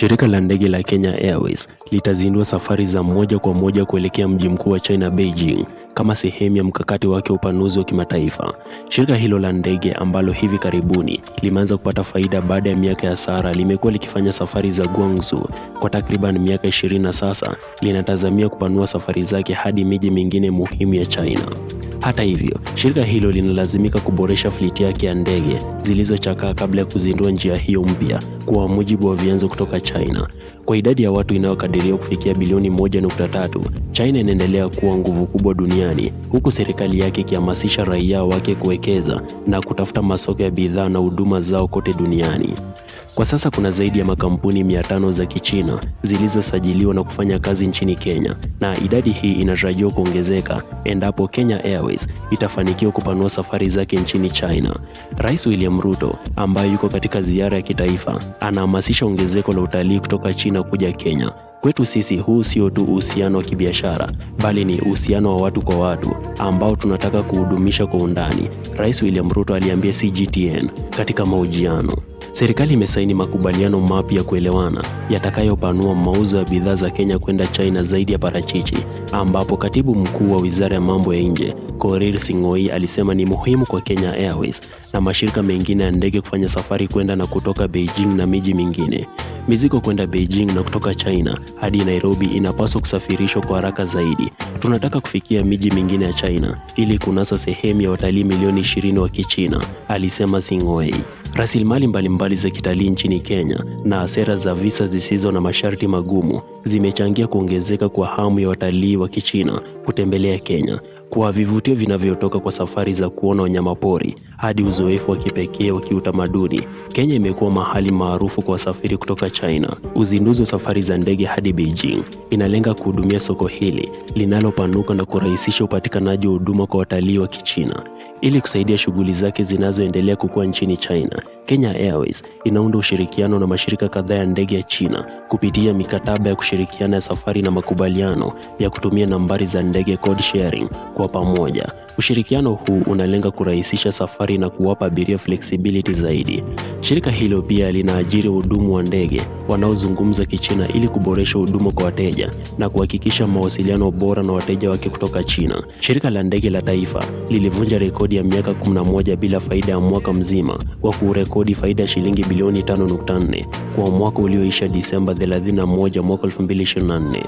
Shirika la ndege la Kenya Airways litazindua safari za moja kwa moja kuelekea mji mkuu wa China Beijing kama sehemu ya mkakati wake wa upanuzi wa kimataifa. Shirika hilo la ndege ambalo hivi karibuni limeanza kupata faida baada ya miaka ya hasara, limekuwa likifanya safari za Guangzhou kwa takriban miaka 20 na sasa linatazamia kupanua safari zake hadi miji mingine muhimu ya China. Hata hivyo, shirika hilo linalazimika kuboresha fliti yake ya ndege zilizochakaa kabla ya kuzindua njia hiyo mpya, kwa mujibu wa vyanzo kutoka China. Kwa idadi ya watu inayokadiriwa kufikia bilioni 1.3, China inaendelea kuwa nguvu kubwa duniani, huku serikali yake ikihamasisha raia wake kuwekeza na kutafuta masoko ya bidhaa na huduma zao kote duniani. Kwa sasa kuna zaidi ya makampuni 500 za Kichina zilizosajiliwa na kufanya kazi nchini Kenya, na idadi hii inatarajiwa kuongezeka endapo Kenya Airways itafanikiwa kupanua safari zake nchini China. Rais William Ruto ambaye yuko katika ziara ya kitaifa anahamasisha ongezeko la utalii kutoka China kuja Kenya. Kwetu sisi huu sio tu uhusiano wa kibiashara bali ni uhusiano wa watu kwa watu ambao tunataka kuhudumisha kwa undani, Rais William Ruto aliambia CGTN katika mahojiano. Serikali imesaini makubaliano mapya ya kuelewana yatakayopanua mauzo ya bidhaa za Kenya kwenda China zaidi ya parachichi, ambapo katibu mkuu wa Wizara ya Mambo ya Nje Korir singoi alisema ni muhimu kwa Kenya Airways na mashirika mengine ya ndege kufanya safari kwenda na kutoka Beijing na miji mingine. Mizigo kwenda Beijing na kutoka China hadi Nairobi inapaswa kusafirishwa kwa haraka zaidi. Tunataka kufikia miji mingine ya China ili kunasa sehemu ya watalii milioni 20 wa Kichina, alisema Sing'oei. Rasilimali mbalimbali za kitalii nchini Kenya na sera za visa zisizo na masharti magumu zimechangia kuongezeka kwa hamu ya watalii wa Kichina kutembelea Kenya, kwa vivutio vinavyotoka kwa safari za kuona wanyamapori hadi uzoefu wa kipekee wa kiutamaduni. Kenya imekuwa mahali maarufu kwa wasafiri kutoka China. Uzinduzi wa safari za ndege hadi Beijing inalenga kuhudumia soko hili linalopanuka na kurahisisha upatikanaji wa huduma kwa watalii wa Kichina ili kusaidia shughuli zake zinazoendelea kukua nchini China. Kenya Airways inaunda ushirikiano na mashirika kadhaa ya ndege ya China kupitia mikataba ya kushirikiana ya safari na makubaliano ya kutumia nambari za ndege code sharing kwa pamoja. Ushirikiano huu unalenga kurahisisha safari na kuwapa abiria flexibility zaidi. Shirika hilo pia linaajiri wahudumu wa ndege wanaozungumza Kichina ili kuboresha huduma kwa wateja na kuhakikisha mawasiliano bora na wateja wake kutoka China. Shirika la ndege la taifa lilivunja rekodi ya miaka 11 bila faida ya mwaka mzima wa kurekodi kurekodi faida ya shilingi bilioni 5.4 kwa mwaka ulioisha Disemba 31 mwaka 2024.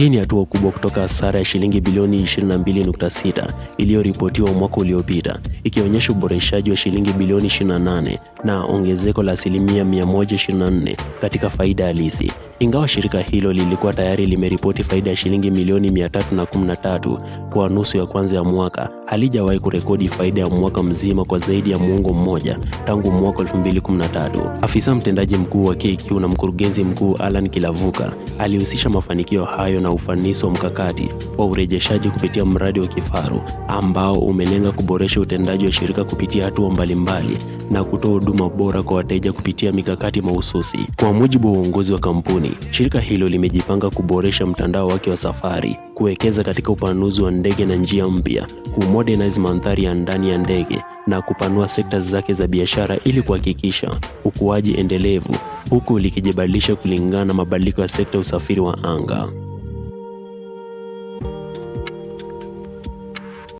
Hii ni hatua kubwa kutoka hasara ya shilingi bilioni 22.6 iliyoripotiwa mwaka uliopita, ikionyesha uboreshaji wa shilingi bilioni 28 na ongezeko la asilimia 124 katika faida halisi. Ingawa shirika hilo lilikuwa tayari limeripoti faida ya shilingi milioni 313 kwa nusu ya kwanza ya mwaka, halijawahi kurekodi faida ya mwaka mzima kwa zaidi ya muongo mmoja tangu mwaka 2013. Afisa mtendaji mkuu wa KQ na mkurugenzi mkuu Alan Kilavuka alihusisha mafanikio hayo na na ufanisi wa mkakati wa urejeshaji kupitia mradi wa Kifaru ambao umelenga kuboresha utendaji wa shirika kupitia hatua mbalimbali na kutoa huduma bora kwa wateja kupitia mikakati mahususi. Kwa mujibu wa uongozi wa kampuni, shirika hilo limejipanga kuboresha mtandao wake wa safari, kuwekeza katika upanuzi wa ndege na njia mpya, kumodernize mandhari ya ndani ya ndege na kupanua sekta zake za biashara ili kuhakikisha ukuaji endelevu huku likijibadilisha kulingana na mabadiliko ya sekta ya usafiri wa anga.